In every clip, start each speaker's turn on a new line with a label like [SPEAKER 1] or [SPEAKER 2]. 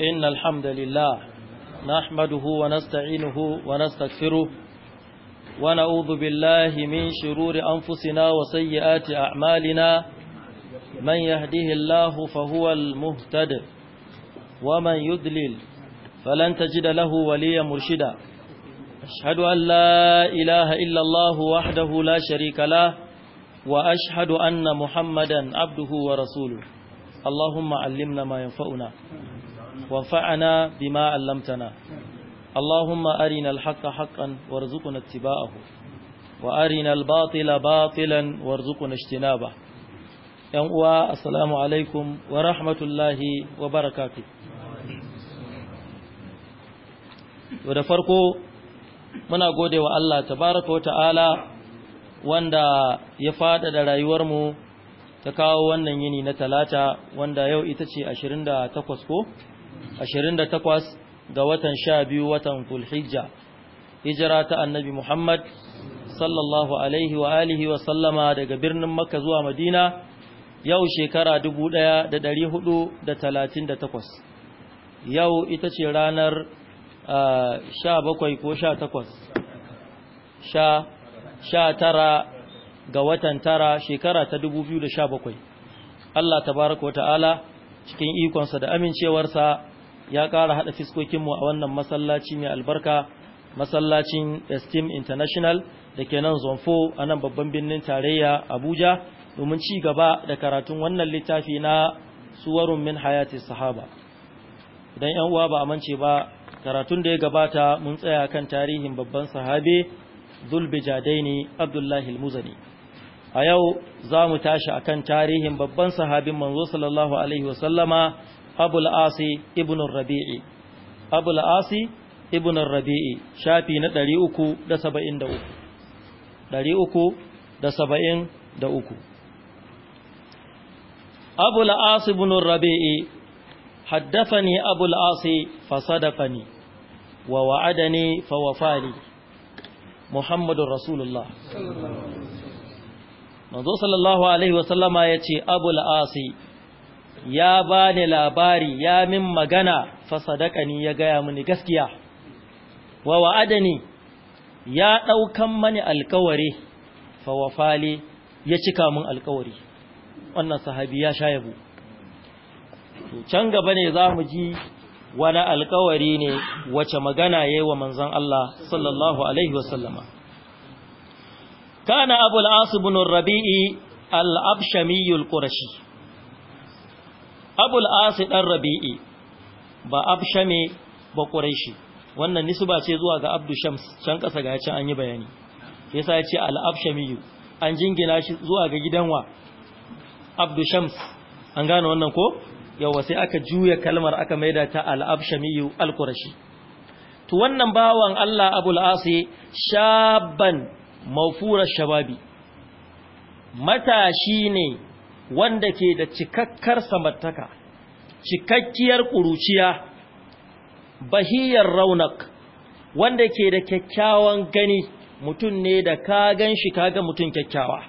[SPEAKER 1] إن الحمد لله نحمده ونستعينه ونستغفره ونعوذ بالله من شرور أنفسنا وسيئات أعمالنا من يهده الله فهو المهتد ومن يذلل فلن تجد له وليا مرشدا أشهد أن لا إله إلا الله وحده لا شريك له وأشهد أن محمدا عبده ورسوله اللهم علمنا ما ينفعنا وانفعنا بما علمتنا اللهم أرنا الحق حقا وارزقنا اتباعه وأرنا الباطل باطلا وارزقنا اجتنابه ينقوى السلام عليكم ورحمة الله وبركاته da farko muna gode wa Allah tabaraka wa ta'ala wanda ya fada da rayuwarmu ta kawo wannan yini na talata wanda yau ita ce 28 ko 28 ga watan 12 watan Zulhijja hijira ta Annabi Muhammad sallallahu alaihi wa alihi wa sallama daga birnin Makka zuwa Madina yau shekara 1438 yau ita ce ranar 17 ko 18 sha 19 ga watan tara shekara ta 2017 Allah tabaraka wa ta'ala cikin ikonsa da amincewarsa ya ƙara haɗa fiskokinmu a wannan masallaci mai albarka masallacin esteem international da ke nan zonfo a nan babban birnin tarayya abuja domin ci gaba da karatun wannan littafi na suwarun min hayati sahaba idan yan uwa ba a mance ba karatun da ya gabata mun tsaya kan tarihin babban sahabe ne abdullahi muzani a yau za mu tashi akan tarihin babban sahabin manzo sallallahu alaihi wasallama abul asi ibn rabi'i abul asi ibn rabi'i shafi na 373 373 abul asi ibn rabi'i حدثني أبو العاصي فصدقني ووعدني فوفاني محمد رسول الله manzo sallallahu alaihi wasallama ya ce abul ya ba ni labari ya min magana fasadakani ya gaya mini gaskiya wa wa'adani ya ɗaukan mani alkawari fa wafali ya cika min alkawari wannan sahabi ya sha yabo can gaba ne za mu ji wani alkawari ne wace magana ya yi wa manzan Allah sallallahu Alaihi wasallama. Kana Abu al'asu bin rabi'i al'abshamiyul ƙurashi, abul asi dan rabi'i ba abshame ba quraishi wannan nisba ce zuwa ga abdu shams can kasa ga yace an yi bayani yasa yace ce al abshami an jingina shi zuwa ga gidanwa abdu shams an gane wannan ko yawa sai aka juya kalmar aka maida ta al abshami al quraishi to wannan bawan Allah abul asi shaban mawfura shababi matashi ne wanda ke da cikakkar samartaka cikakkiyar ƙuruciya bahiyar raunak wanda ke da kyakkyawan gani mutum ne da ka gan shi kaga mutum kyakkyawa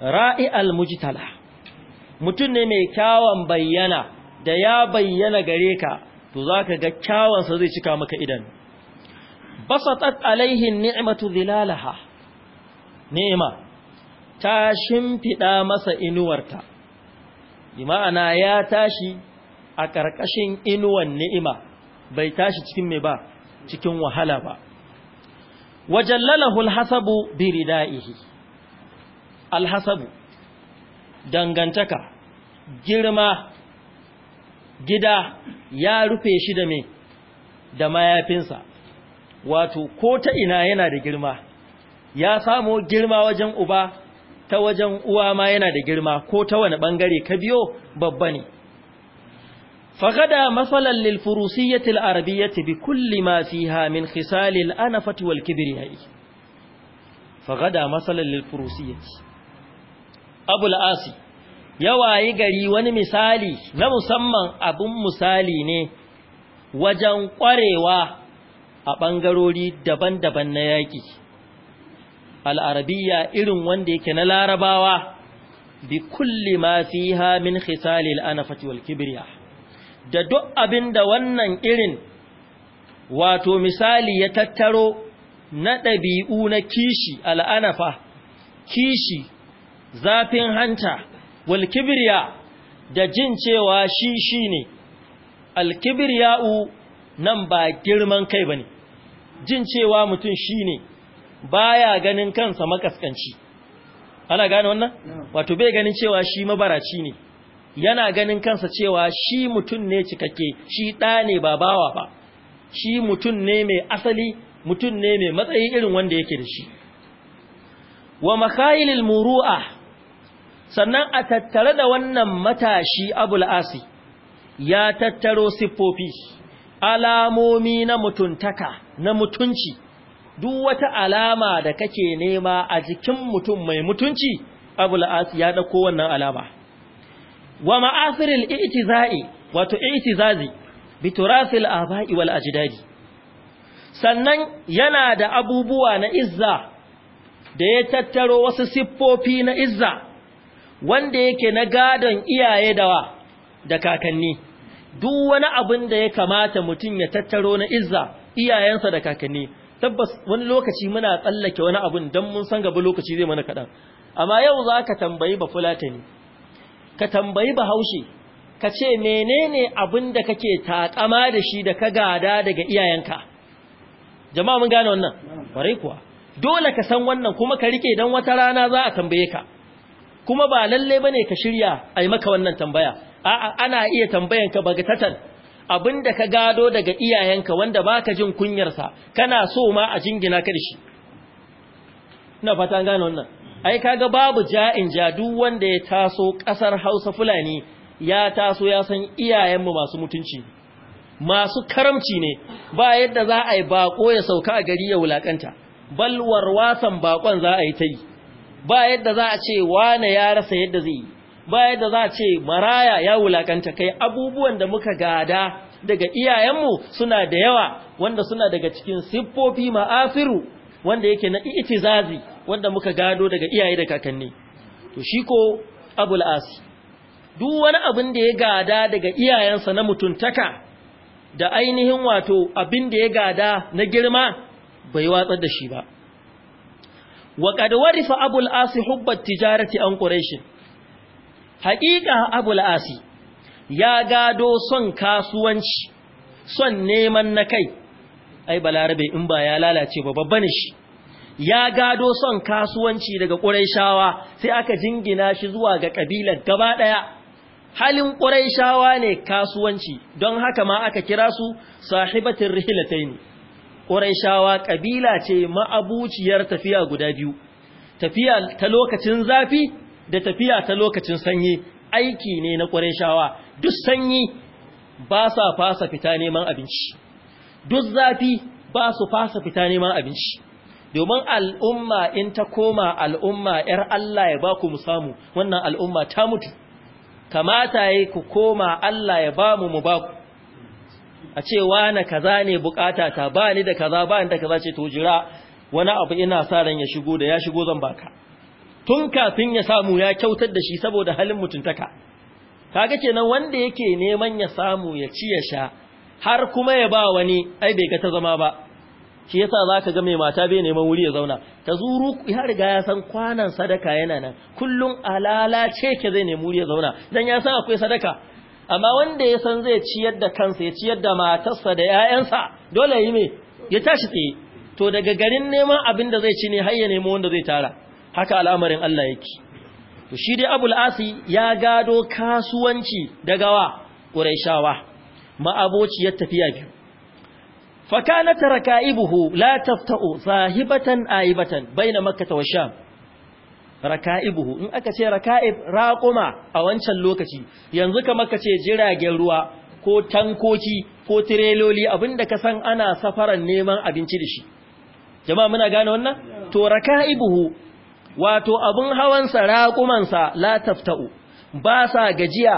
[SPEAKER 1] ra'i mujtala, mutum ne mai kyawan bayyana da ya bayyana gare ka to zaka ga kyawansa zai cika maka idan basatat alaihin ni'matu zilalaha, ni'ma ta shimfiɗa masa inuwarta bi ma'ana ya tashi a ƙarƙashin inuwan ni'ima bai tashi cikin mai ba cikin wahala ba Wajen alhasabu bi ridaihi alhasabu dangantaka girma gida ya rufe shi da me da mayafinsa wato ko ta ina yana da girma ya samo girma wajen uba ta wajen uwa ma yana da girma ko ta wani bangare ka biyo babba ne faqada masalan lil furusiyyati arabiyyati bi kulli ma fiha min khisal al anafati wal kibriyai faqada masalan lil furusiyyati abu al asi yawayi gari wani misali na musamman abin misali ne wajen kwarewa a ɓangarori daban-daban na yaki al'arabiya irin wanda yake na larabawa bi kulli ma fiha min khisalil anafati wal kibriya da duk abin da wannan irin wato misali ya tattaro na ɗabi'u na kishi al'anafa kishi zafin hanta wal kibriya da jin cewa shi shi ne al kibriya'u nan ba girman kai ba ne jin cewa mutum shi ne baya ganin kansa makaskanci ana gane wannan wato bai ganin cewa shi mabaraci ne yana ganin kansa cewa shi mutum ne cikakke shi ɗa ne ba bawa ba shi mutum ne mai asali mutum ne mai matsayi irin wanda yake da shi wa makhailil muru'a sannan a tattare da wannan matashi abul asi ya tattaro siffofi alamomi na mutuntaka na mutunci duk wata alama da kake nema a jikin mutum mai mutunci abul La'asi ya dauko wannan alama wa ma'asiril i'tizai wato i'tizazi bi turasil aba'i wal ajdadi sannan yana da abubuwa na izza da ya tattaro wasu siffofi na izza wanda yake na gadon iyaye dawa da kakanni duk wani abin da ya kamata mutum ya tattaro na izza iyayensa da kakanni tabbas wani lokaci muna tsallake wani abun don mun san gaba lokaci zai mana kaɗan amma yau za ka tambayi ba fulatani ka tambayi ba haushe ka ce menene abin da kake takama da shi da ka gada daga iyayenka jama'a mun gane wannan bare kuwa dole ka san wannan kuma ka rike dan wata rana za a tambaye ka kuma ba lalle bane ka shirya ai maka wannan tambaya a'a ana iya tambayanka baga bagatatan abin da ka gado daga iyayenka wanda baka jin kunyarsa kana so ma a jingina ka da shi ina fata gano wannan ai kaga babu ja'in jadu wanda ya taso kasar Hausa Fulani ya taso ya san iyayenmu masu mutunci masu karamci ne ba yadda za a yi baƙo ya sauka a gari ya wulakanta balwar wasan baƙon za a yi ta yi ba yadda za a ce wane ya rasa yadda zai yi Bayan da za a ce maraya ya wulakanta kai abubuwan da muka gada daga iyayenmu suna da yawa wanda suna daga cikin siffofi ma'afiru wanda yake na itizazi wanda muka gado daga iyaye da kakanni to shi ko abul asi duk wani abin da ya gada daga iyayensa na mutuntaka da ainihin wato abin da ya gada na girma bai watsar da shi ba wa qad warifa abul asi hubbat tijarati an quraish haƙiƙa abu la'asi, ya gado son kasuwanci son neman na kai ai balarabe in ba ya lalace ba babba shi ya gado son kasuwanci daga ƙuraishawa sai aka jingina shi zuwa ga ƙabilar gaba ɗaya halin ƙuraishawa ne kasuwanci don haka ma aka kira su sahibatin rihilataini ƙuraishawa ƙabila ce ma'abuciyar tafiya guda biyu tafiya ta lokacin zafi da tafiya ta lokacin sanyi aiki ne na shawa. duk sanyi ba su fasa fita neman abinci duk zafi ba su fasa fita neman abinci domin al'umma in ta koma al'umma ‘yar Allah ya ba ku musamu wannan al'umma ta mutu kamata yi ku koma Allah ya ba mu mu ba ku a cewa na kaza ne bukata ta ba ni da kaza ba ni da kaza ce to jira wani abu ina sa ran ya shigo da ya shigo zan baka tun kafin ya samu ya kyautar da shi saboda halin mutuntaka kaga kenan wanda yake neman ya samu ya ci ya sha har kuma ya ba wani ai bai ga ta zama ba shi yasa zaka ga mai mata bai neman wuri ya zauna ta zuru ya riga ya san kwanan sadaka yana nan kullun alala ce ke zai nemi wuri ya zauna dan ya san akwai sadaka amma wanda ya san zai ciyar da kansa ya ciyar da matarsa da 'ya'yansa dole yi me ya tashi tsaye to daga garin neman abin da zai ci ne har ya nemo wanda zai tara haka al'amarin Allah yake to shi dai Abul Asi ya gado kasuwanci daga wa Qurayshawa ya tafiya biyu fa kana taraka'ibuhu la tafta'u sahibatan aibatan baina makkah wa sham raka'ibuhu in aka ce raka'ib raƙuma a wancan lokaci yanzu ka ka ce jiragen ruwa ko tankoki ko tireloli abinda ka san ana safaran neman abinci da shi jama'a muna gane wannan to raka'ibuhu wato abin hawansa raƙumansa la tafta'u ba sa gajiya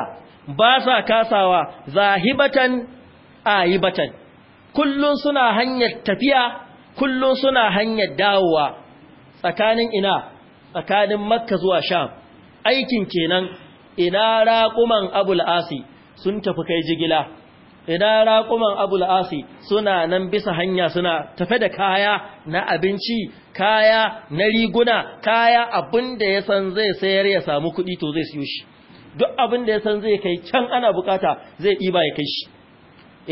[SPEAKER 1] ba sa kasawa zahibatan aibatan kullun suna hanyar tafiya kullun suna hanyar dawowa tsakanin ina tsakanin makka zuwa sham aikin kenan ina raƙuman abul asi sun tafi kai jigila ina raƙuman abul asi suna nan bisa hanya suna tafe da kaya na abinci kaya na riguna kaya abinda da ya san zai sayar ya samu kuɗi to zai siyo shi duk abin da ya san zai kai can ana bukata zai ɗiba ya kai shi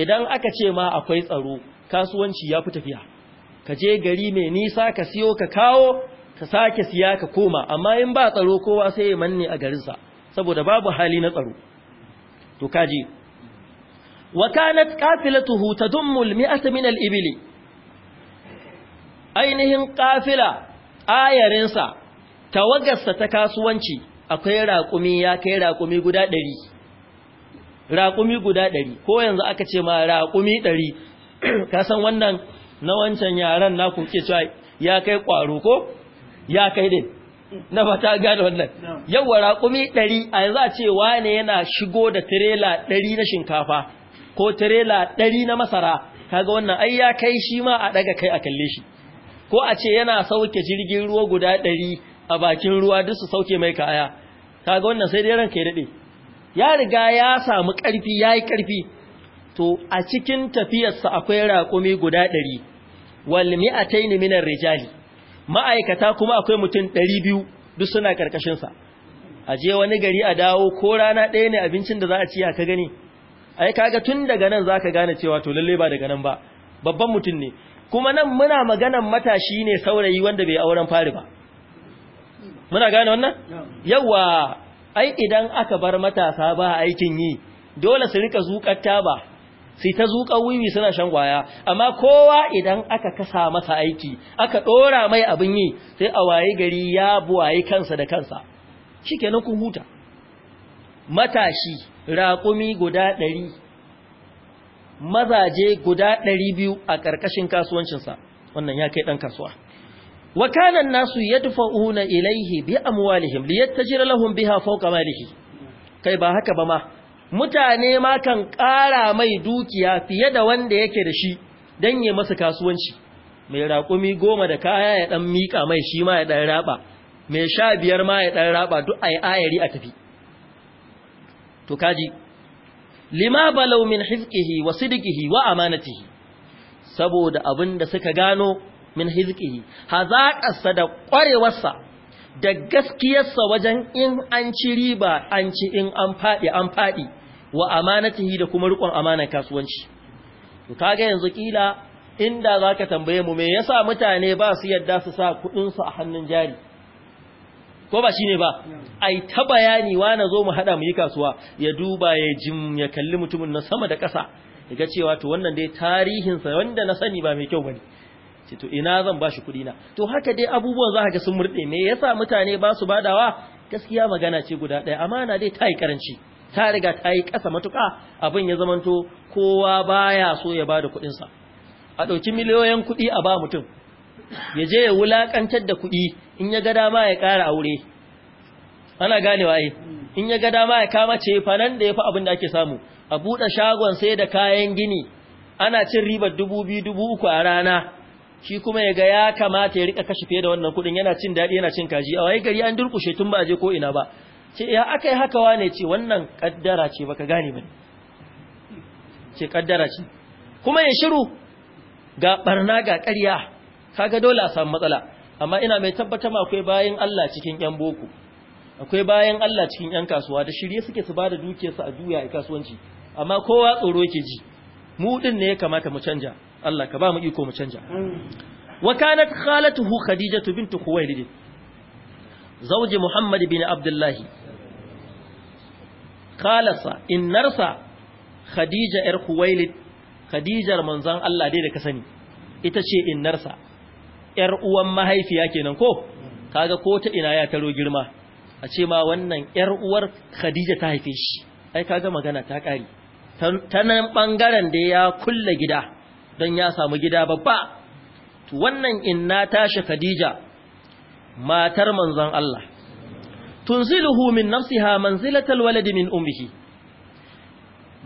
[SPEAKER 1] idan aka ce ma akwai tsaro kasuwanci ya fi tafiya ka je gari mai nisa ka siyo ka kawo ka sake siya ka koma amma in ba tsaro kowa sai ya manne a garinsa saboda babu hali na tsaro to kaji وكانت قافلته تضم المئة من الإبل ainihin ƙafila ayarinsa sa ta wagarsa ta kasuwanci akwai raƙumi ya kai raƙumi guda ɗari raƙumi guda ɗari ko yanzu aka ce ma raƙumi ɗari san wannan na wancan yaren na ku kuke cewa ya kai ƙwaro ko ya kai din na fata gane wannan yawa raƙumi ɗari a yanzu a ce wane yana shigo da tirela ɗari na shinkafa ko tirela ɗari na masara kaga wannan ai ya kai shi ma a ɗaga kai a kalle shi ko a ce yana sauke jirgin ruwa guda ɗari a bakin ruwa duk su sauke mai kaya kaga wannan sai dai ranka ya daɗe ya riga ya samu ƙarfi ya yi ƙarfi to a cikin tafiyarsa akwai raƙumi guda ɗari wal taini minar rijali ma'aikata kuma akwai mutum ɗari biyu duk suna ƙarƙashinsa a je wani gari a dawo ko rana ɗaya ne abincin da za a ci a ka gani ai kaga tun daga nan zaka gane cewa to lalle ba daga nan ba babban mutum ne kuma nan muna maganan matashi ne saurayi wanda bai auren fari ba muna gane wannan yawa ai idan aka bar matasa ba aikin yi dole su rika zuƙar taba sai ta zuƙar wiwi suna shan kwaya amma kowa idan aka kasa masa aiki aka ɗora mai abin yi sai a waye gari ya buwaye kansa da kansa shikenan kun huta matashi raƙumi guda ɗari mazaje guda ɗari biyu a ƙarƙashin kasuwancinsa wannan ya kai ɗan kasuwa wakanan nasu ya tufa una ilaihi bi amwalihim li jira lahun biha fauka malihi kai ba haka ba ma mutane ma kan ƙara mai dukiya fiye da wanda yake da shi don ya masa kasuwanci mai raƙumi goma da kaya ya ɗan miƙa mai shi ma ya ɗan raba mai sha biyar ma ya ɗan raba duk ayi ayari a tafi to kaji lima balau min hizqihi wa sidqihi wa amanatihi saboda abinda suka gano min hizqihi hazaƙarsa da kwarewarsa da gaskiyarsa wajen in an ci riba an ci in an fadi an fadi wa amanatihi da kuma rukun amanar kasuwanci to kaga yanzu kila inda zaka tambaye mu me yasa mutane ba su yadda su sa kudin su a hannun jari ko ba shine ba ai ta bayani wa na zo mu hada mu yi kasuwa ya duba ya jim ya kalli mutumin na sama da ƙasa yaga cewa to wannan dai tarihin sa wanda na sani ba mai kyau ba ce to ina zan shi kuɗi na to haka dai abubuwan za ka ga sun murde me yasa mutane ba su badawa gaskiya magana ce guda ɗaya amana dai ta yi karanci ta riga ta yi ƙasa matuƙa abin ya zamanto kowa baya so ya bada kuɗinsa a ɗauki miliyoyin kuɗi a ba mutum ya je ya wulaƙantar da kuɗi in ya ga dama ya ƙara aure ana ganewa yi in ya ga dama ya kama ce nan da ya fi abin da ake samu a buɗe shagon sai da kayan gini ana cin riba dubu biyu dubu uku a rana shi kuma ya ga ya kamata ya rika kashe fiye da wannan kuɗin yana cin daɗi yana cin kaji a waye gari an durkushe tun ba a je ko ina ba ce ya aka yi haka wane ce wannan kaddara ce baka gane ba ce kaddara ce kuma ya shiru ga barna ga ƙarya kaga dole a samu matsala amma ina mai tabbatar akwai bayan Allah cikin yan boko akwai bayan Allah cikin yan kasuwa da shirye suke su bada dukiyarsu a duya a kasuwanci amma kowa tsoro yake ji mu ɗin ne ya kamata mu canja Allah ka ba mu iko mu canja wa kanat khalatuhu khadijatu bintu khuwailid zawji muhammad bin Abdullahi. khalasa innarsa khadija yar khuwailid khadijar manzon Allah dai da ka sani ita ce innarsa ‘yar uwan mahaifiya kenan ko, kaga ko ta ina ya taro girma, a ce ma wannan ‘yar uwar Khadija ta haife shi, ai kaga magana ta ƙari, ta nan ɓangaren da ya kulle gida, don ya samu gida babba, wannan inna tashi Khadija, matar manzon Allah, tunziluhu min nafsiha manzilatal waladi min ummihi.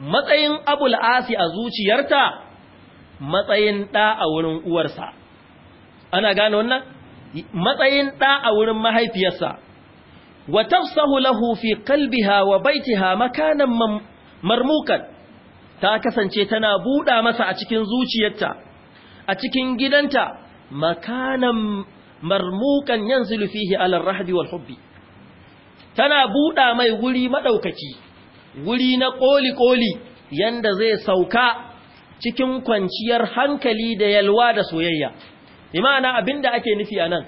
[SPEAKER 1] matsayin abul asi a zuciyarta matsayin ɗa a wurin uwarsa ana gane wannan matsayin ɗa a wurin mahaifiyarsa wa tafsahu lahu fi qalbiha wa baitiha makanan marmukan ta kasance tana buɗa masa a cikin zuciyarta a cikin gidanta makanan marmukan yanzilu fihi ala rahbi wal hubbi tana buɗa mai wuri madaukaki wuri na koli koli yanda zai sauka cikin kwanciyar hankali da yalwa da soyayya imana ma'ana da ake nufi a nan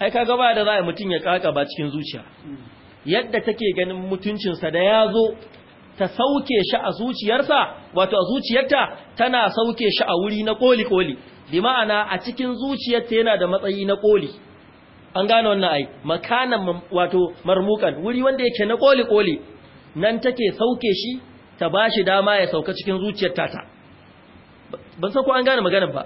[SPEAKER 1] ai ka ba da za a mutum ya kaka ba cikin zuciya yadda take ganin mutuncinsa da ya zo ta sauke shi a zuciyarsa wato a zuciyarta tana sauke shi a wuri na koli-koli limana a cikin zuciyarta yana da matsayi na koli an gane wannan ai makanan wato marmukan wuri wanda yake na koli-koli nan take sauke shi ta ba shi dama ya sauka cikin zuciyarta ta ban san ko an gane maganar ba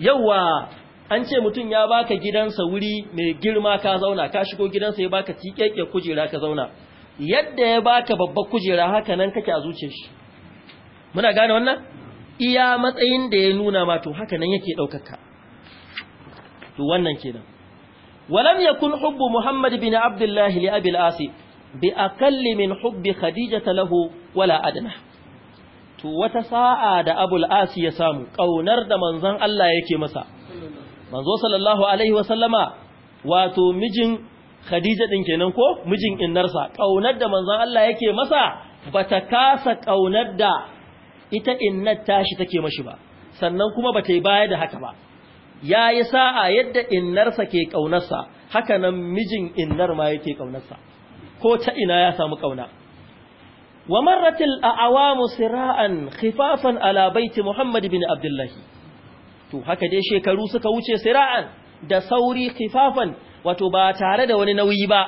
[SPEAKER 1] yauwa an ce mutum ya baka gidansa wuri mai girma ka zauna ka shigo gidansa ya baka tiƙeƙe kujera ka zauna yadda ya baka babbar kujera haka nan kake a zuciyar shi muna gane wannan iya matsayin da ya nuna ma to haka nan yake ɗaukaka to wannan kenan walam yakun hubbu muhammad bin abdullahi li abi asi bi aqalli min hubbi khadijata lahu wala adna to wata sa'a da abul asi ya samu kaunar da manzon Allah yake masa manzo sallallahu alaihi wasallama wato mijin Khadija din kenan ko mijin innarsa kaunar da manzon Allah yake masa bata kasa kaunar da ita innar tashi take mashi ba sannan kuma bata yi baya da haka ba yayi sa'a yadda innarsa ke kaunarsa haka nan mijin innar ma yake kaunarsa ko ta ina ya samu kauna ومرت الأعوام سراء خفافا على ala محمد بن عبد Abdullahi. to haka dai shekaru suka wuce sira'an da sauri kifafan wato ba tare da wani nauyi ba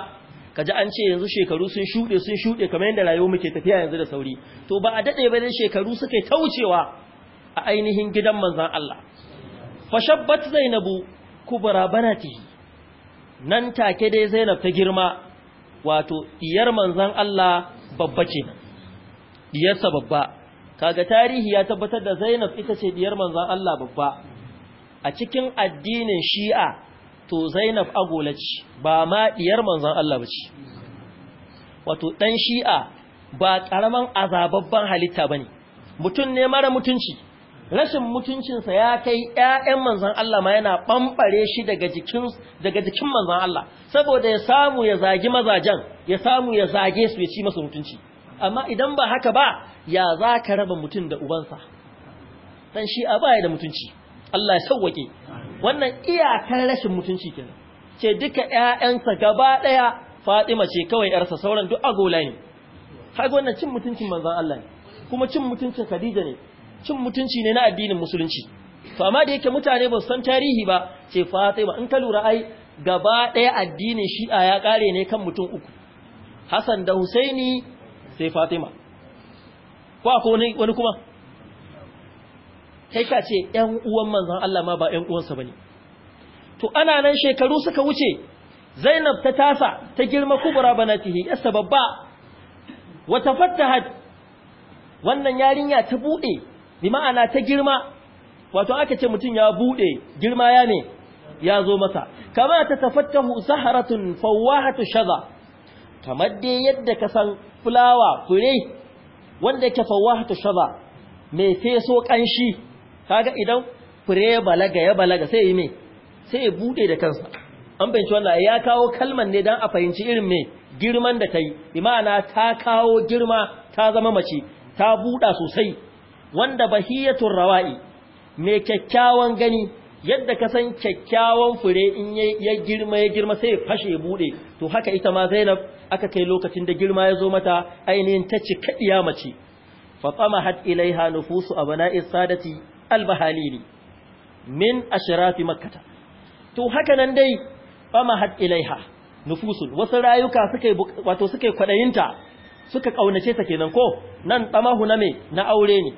[SPEAKER 1] kaji an ce yanzu shekaru sun shuɗe sun shuɗe kamar yadda rayuwar muke tafiya yanzu da sauri to ba a daɗe ba dai shekaru suka ta wucewa a ainihin gidan manzan Allah Fa shabbat zainabu kubra banatihi nan take dai zainab ta girma wato diyar manzan Allah babba ce diyarsa babba kaga tarihi ya tabbatar da zainab ita ce diyar manzon Allah babba a cikin addinin shi'a to zainab agola ce ba ma diyar manzon Allah ba ce wato ɗan shi'a ba ƙaramin azababban halitta ba ne. mutum ne mara mutunci rashin mutuncinsa ya kai 'ya'yan manzan Allah ma yana ɓamɓare shi daga jikin manzan Allah saboda ya samu ya zagi mazajen ya samu ya zage su ya ci masa mutunci amma idan ba haka ba ya za ka raba mutum da ubansa ɗan shi'a ba ya da mutunci Allah ya sauwake wannan iyakar rashin mutunci kenan ce duka 'ya'yansa gaba ɗaya Fatima ce kawai 'yarsa sauran duk agola ne har wannan cin mutuncin manzon Allah ne kuma cin mutuncin Khadija ne cin mutunci ne na addinin musulunci to amma da yake mutane ba su san tarihi ba ce Fatima in ka lura ai gaba ɗaya addinin Shi'a ya kare ne kan mutum uku Hassan da Husaini sai Fatima ko akwai wani kuma kai ka ce ƴan uwan manzon Allah ma ba yan uwansa bane to ana nan shekaru suka wuce Zainab ta tasa ta girma kubra banatihi yasa babba wa tafattahat wannan yarinya ta bude bi ma'ana ta girma wato aka ce mutum ya bude girma ya ne ya zo masa kama ta tafattahu zaharatun fawahatu shaza kamar dai yadda ka san fulawa fure wanda ke fawahatu shaza mai feso ƙanshi? kaga idan fure balaga ya balaga sai yi me sai ya bude da kansa an fahimci wannan ya kawo kalman ne dan a fahimci irin mai girman da ta yi imana ta kawo girma ta zama mace ta buɗa sosai wanda bahiyatun rawa'i mai kyakkyawan gani yadda ka san kyakkyawan fure in ya girma ya girma sai ya fashe ya buɗe to haka ita ma zainab aka kai lokacin da girma ya zo mata ainihin ta ci kaɗiya mace fatsama hat ilaiha nufusu a sadati albahalili min ashirafi makkata to haka nan dai fama had ilaiha nufusul wasu rayuka suka wato suka kwadayinta suka kaunace ta kenan ko nan tsamahu na me na aure ne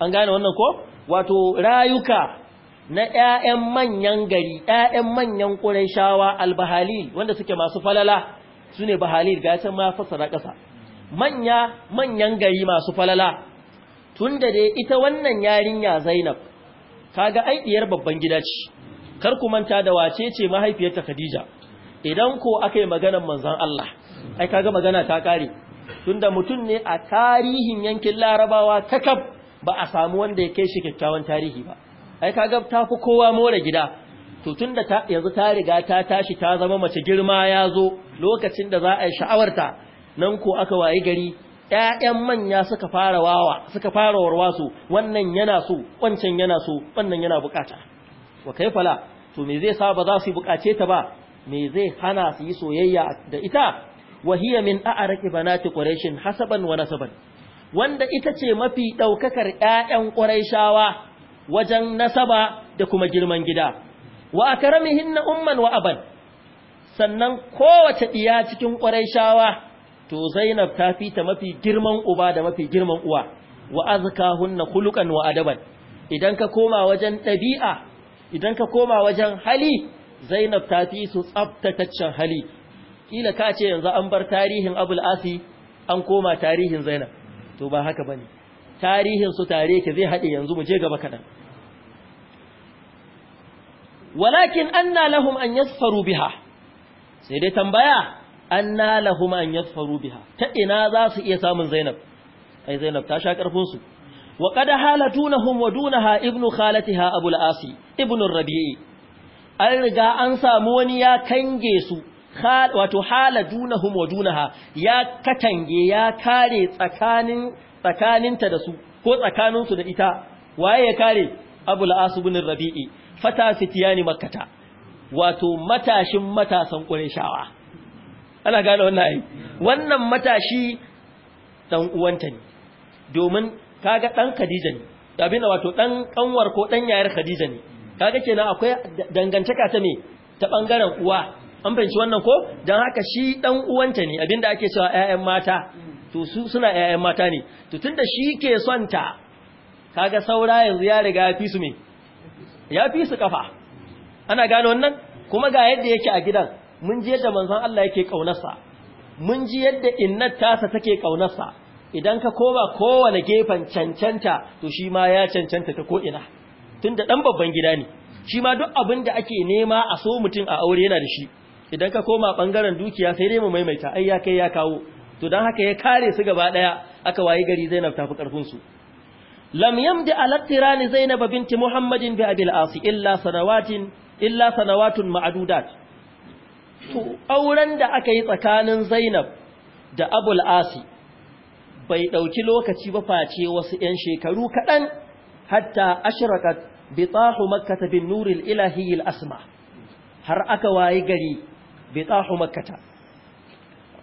[SPEAKER 1] an gane wannan ko wato rayuka na ƴaƴan manyan gari ƴaƴan manyan shawa albahali wanda suke masu falala sune bahalil ga ta ma fasara ƙasa manya manyan gari masu falala tun da dai ita wannan yarinya zainab kaga ai diyar babban gida ce kar ku manta da wace ce mahaifiyarta khadija idan ko akai maganar manzon Allah ai kaga magana ta kare tunda mutum ne a tarihin yankin larabawa takab ba a samu wanda ya kai shi kyakkyawan tarihi ba ai kaga ta fi kowa more gida to tunda ta yanzu ta riga ta tashi ta zama mace girma ya zo lokacin da za a yi sha'awarta nan ko aka waye gari Ya'yan manya suka fara wawa suka fara su wannan yana so wancan yana so wannan yana bukata wa kai fala to me zai sa ba za su bukace ta ba me zai hana su yi soyayya da ita wa hiya min a'raqi banati quraishin hasaban wa nasaban wanda ita ce mafi daukakar ƴaƴan quraishawa wajen nasaba da kuma girman gida wa hinna umman wa aban sannan kowace diya cikin quraishawa to Zainab ta fita mafi girman uba da mafi girman uwa wa azkahunna khuluqan wa adaban idan ka koma wajen ɗabi'a idan ka koma wajen hali zainab ta fi su tsaftataccen hali kila ka ce yanzu an bar tarihin abul asi an koma tarihin zainab to ba haka bane tarihin su tare ke zai haɗe yanzu mu je gaba kaɗan walakin anna lahum an yasfaru biha sai dai tambaya an nalahum an yadfaru biha ta ina za su iya samun Zainab ai Zainab ta sha karfin su wa qad halatunahum wa dunaha ibnu khalatiha Abu asi ibnu Rabi'i an riga an samu wani ya kange su wato halatunahum wa dunaha ya katange ya kare tsakanin tsakaninta da su ko tsakaninsu da ita waye ya kare Abu asi ibnu Rabi'i fata fitiyani makkata wato matashin matasan Qurayshawa ana gane wannan ai wannan matashi dan uwanta ne domin kaga dan Khadija ne abin da wato dan kanwar ko dan yayar Khadija ne kaga kenan akwai dangantaka ta me ta bangaren uwa an fahimci wannan ko dan haka shi dan uwanta ne abinda ake cewa ƴaƴan mata to su suna ƴaƴan mata ne to tunda shi ke son ta kaga saura yanzu ya riga ya fi su me ya fi su kafa ana gane wannan kuma ga yadda yake a gidan mun ji yadda manzon Allah yake kaunarsa mun ji yadda innat tasa take kaunarsa idan ka koma kowane gefen cancanta to shi ma ya cancanta ta ko ina tunda dan babban gida ne shi ma duk abin da ake nema a so mutum a aure yana da shi idan ka koma bangaren dukiya sai dai mu maimaita ai ya kai ya kawo to dan haka ya kare su gaba daya aka wayi gari Zainab tafi karfin su lam yamdi ala tirani Zainab binti Muhammadin bi Abil asi illa sanawatin illa sanawatun ma'dudat to auren da aka yi tsakanin Zainab da Abul Asi bai dauki lokaci ba face wasu ƴan shekaru kadan hatta ashraqat bitahu makkah bin nuril ilahi al asma har aka wayi gari bitahu makkah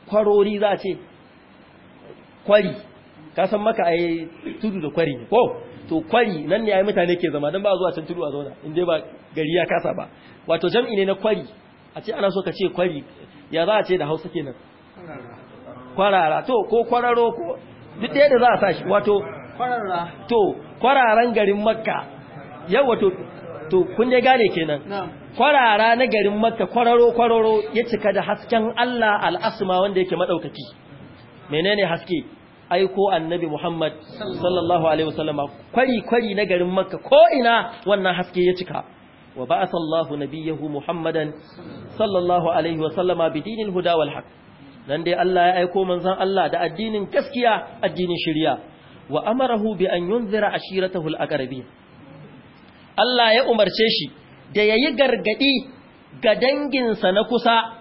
[SPEAKER 1] kwarori za ce kwari kasan maka ai tudu da kwari ko to kwari nan ne ai mutane ke zama dan ba zuwa can tudu a zauna in dai ba gari ya kasa ba wato jam'i ne na kwari a ce ana so ka ce kwari ya za a ce da hausa kenan kwarara to ko kwararo ko duk ɗaya da za a sa shi wato kwarara to kwararan garin makka yau wato to kun dai gane kenan kwarara na garin makka kwararo kwararo ya cika da hasken Allah al'asma wanda yake madaukaki menene haske aiko annabi Muhammad sallallahu alaihi wasallama kwari kwari na garin makka ko ina wannan haske ya cika wa ba'atha Allahu nabiyahu Muhammadan sallallahu alaihi wa sallama bidinil huda dan dai Allah ya aiko manzon Allah da addinin gaskiya addinin shari'a wa amarahu bi an yunzira ashiratahu al Allah ya umarce shi da yayi gargadi ga danginsa na kusa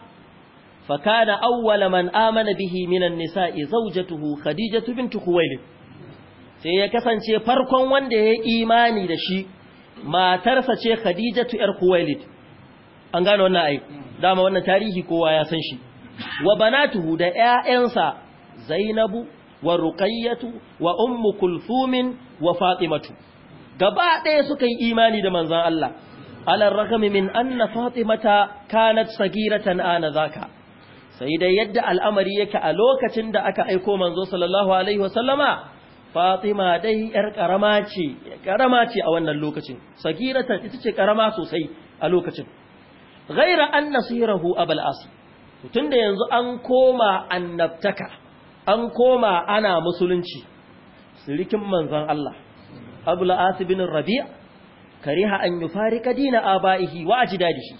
[SPEAKER 1] fakana awwala man amana bihi minan nisa'i zawjatuhu khadijatu bint khuwailid sai ya kasance farkon wanda ya imani da shi matarsa ce khadijatu yar kuwailid an gane wannan ai dama wannan tarihi kowa ya san shi wa banatuhu da 'ya'yansa zainabu wa Rukayyatu wa ummu kulthumin wa fatimatu gaba ɗaya suka yi imani da manzon Allah alar rakami min anna fatimata kanat sagiratan ana zaka sai dai yadda al'amari yake a lokacin da aka aiko manzo sallallahu alaihi wasallama Fatima dai ‘yar ƙarama ce, ƙarama ce a wannan lokacin, Sakirata ita ce ƙarama sosai a lokacin. Gaira an nasirahu abal asu, tun da yanzu an koma annabtaka, an koma ana musulunci, sirikin manzan Allah, abul asu binin rabi'a, kariha an yi farika dina a ba'ihi wa a ji shi,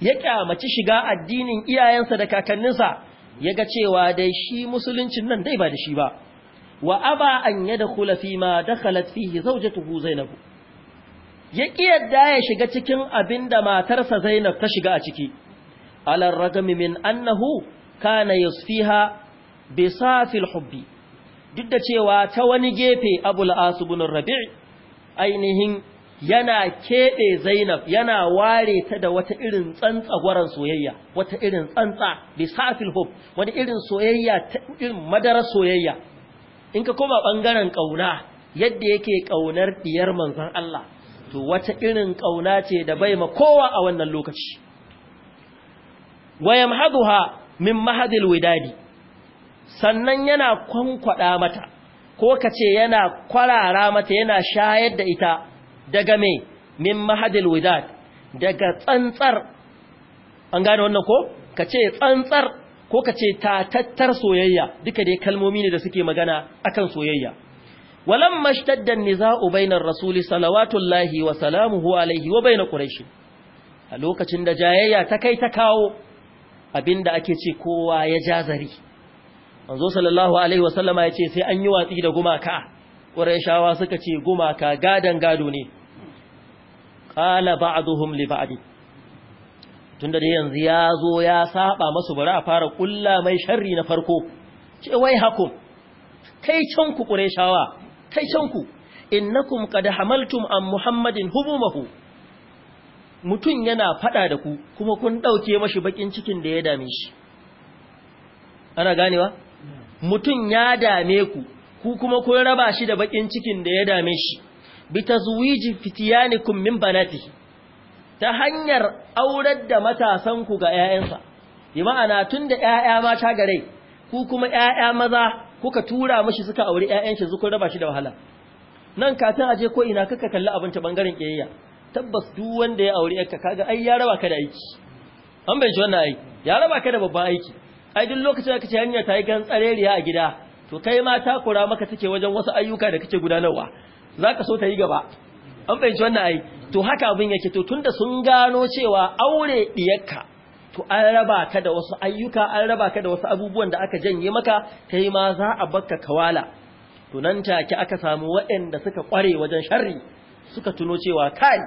[SPEAKER 1] ya ƙyamaci shiga addinin iyayensa da kakanninsa, ya ga cewa dai shi musuluncin nan dai ba da shi ba. wa aba an yadkhula fi ma dakhalat fihi zawjatuhu Zainab ya kiyarda ya shiga cikin abinda matarsa Zainab ta shiga a ciki alal ragami min annahu kana yusfiha bi safil hubbi duk da cewa ta wani gefe Abul As ibn Rabi' ainihin yana kebe Zainab yana ware ta da wata irin tsantsagwaran soyayya wata irin tsantsa bi safil hub wani irin soyayya ta irin madarar soyayya in ka koma bangaren ƙauna yadda yake ƙaunar diyar manzan Allah to wata irin ƙauna ce da bai ma kowa a wannan lokaci wayamhaduha min mahadil widadi sannan yana kwankwada mata ko ka ce yana kwarara mata yana shayar da ita daga mai min mahadil widad daga tsantsar an gane wannan ko Ka ce tsantsar ko ka ce tatattar soyayya duka dai kalmomi ne da suke magana akan soyayya walam ishtadda an-nizaa'u bainar rasuli salawatullahi wa salamuhu alayhi wa bainar quraish a lokacin da jayayya ta kai ta kawo abinda ake ce kowa ya jazari manzo sallallahu alaihi wa sallama yace sai an yi watsi da gumaka quraishawa suka ce gumaka gadan gado ne qala ba'dhum li ba'd tun da yanzu ya zo ya saba masu bari a fara kulla mai sharri na farko ce wai hakum kai can ku shawa kai can ku innakum qad hamaltum an muhammadin humumahu mutun yana fada da ku kuma kun dauke mashi bakin cikin da ya dame shi ana ganewa mutun ya dame ku ku kuma kun raba shi da bakin cikin da ya dame shi bi tazwiji fitiyanikum min banatihi ta hanyar aurar da matasanku ga ‘ya'yansa, yi ma'ana tun da ‘ya'ya mata gare, ku kuma ‘ya'ya maza kuka tura mashi suka auri ‘ya'yan shi zuku raba shi da wahala. Nan katin aje ko ina kaka kalli abinci ta ɓangaren ƙiyayya, tabbas duk wanda ya auri ‘yarka kaga ai ya raba ka da aiki. An bai wannan aiki, ya raba ka da babban aiki. Ai duk lokacin da kace hanyar ta yi gantsareriya a gida, to kai ma takura maka take wajen wasu ayyuka da kake gudanarwa. Za ka so ta yi gaba. An fahimci wannan ai to haka abin yake to tunda sun gano cewa aure diyarka to an raba ka da wasu ayyuka an raba ka da wasu abubuwan da aka janye maka kai ma za a bakka kawala to nan take aka samu waɗanda suka kware wajen sharri suka tuno cewa kai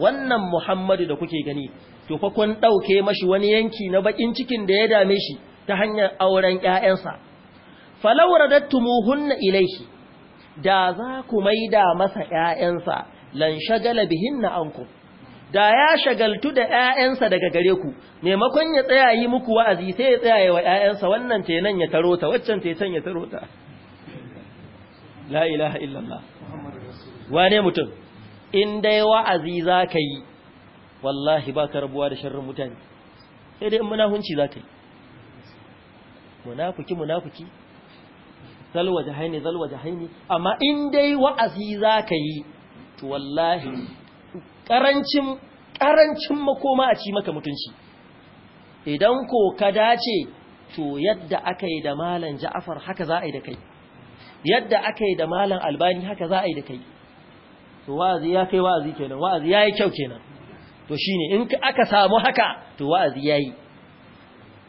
[SPEAKER 1] wannan Muhammadu da kuke gani to fa kun dauke mashi wani yanki na bakin cikin da ya dame shi ta hanyar auren ƴaƴansa falawradattumuhunna ilayhi da za ku maida masa ƴaƴansa lan shagala bihinna ankum da ya shagaltu da ƴaƴansa daga gare ku maimakon ya tsaya yi muku wa'azi sai ya tsaya wa ƴaƴansa wannan te nan ya taro ta waccan te can ya taro ta la ilaha illallah wane mutum in dai wa'azi zaka yi wallahi baka rabuwa da sharrin mutane sai dai in munafunci zaka yi munafiki munafiki zalwa jahaini zalwa jahaini amma in dai wa'azi zaka yi to wallahi karancin karancin makoma a ci maka mutunci idan ko ka dace to yadda aka yi da malam Ja'far haka za a yi da kai yadda aka yi da malam Albani haka za a yi da kai to wa'azi ya kai wa'azi kenan wa'azi yayi kyau kenan to shine in aka samu haka to wa'azi yayi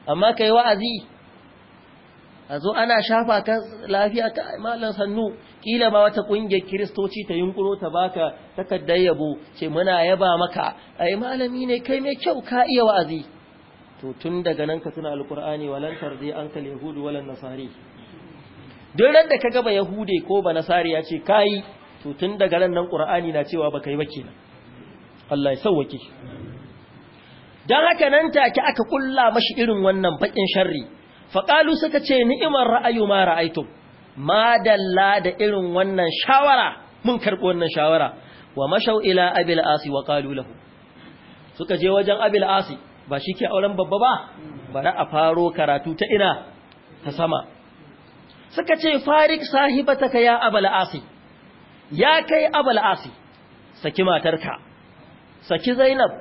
[SPEAKER 1] amma kai wa'azi a zo ana shafa ka lafiya ka malam sannu kila ba wata kungiyar kiristoci ta yunkuro ta baka takardar yabo ce muna yaba maka ai malami ne kai mai kyau ka iya wa'azi to tun daga nan ka tuna alqur'ani walan tarzi an kal yahudu walan nasari duk ran da ka gaba yahude ko ba nasari ya ce kai to tun daga ran nan qur'ani na cewa baka yi ba kenan Allah ya sauwake dan haka nan take aka kulla mashi irin wannan bakin sharri faƙalu suka ce ni'imar ra'ayu ma ra'aitu ma dalla da irin wannan shawara mun karɓi wannan shawara wa mashau ila abil asi wa ƙalu lahu suka je wajen abil asi ba shi ke auren babba ba bari a faro karatu ta ina ta sama suka ce farik ka ya abal asi ya kai abal asi saki matarka saki zainab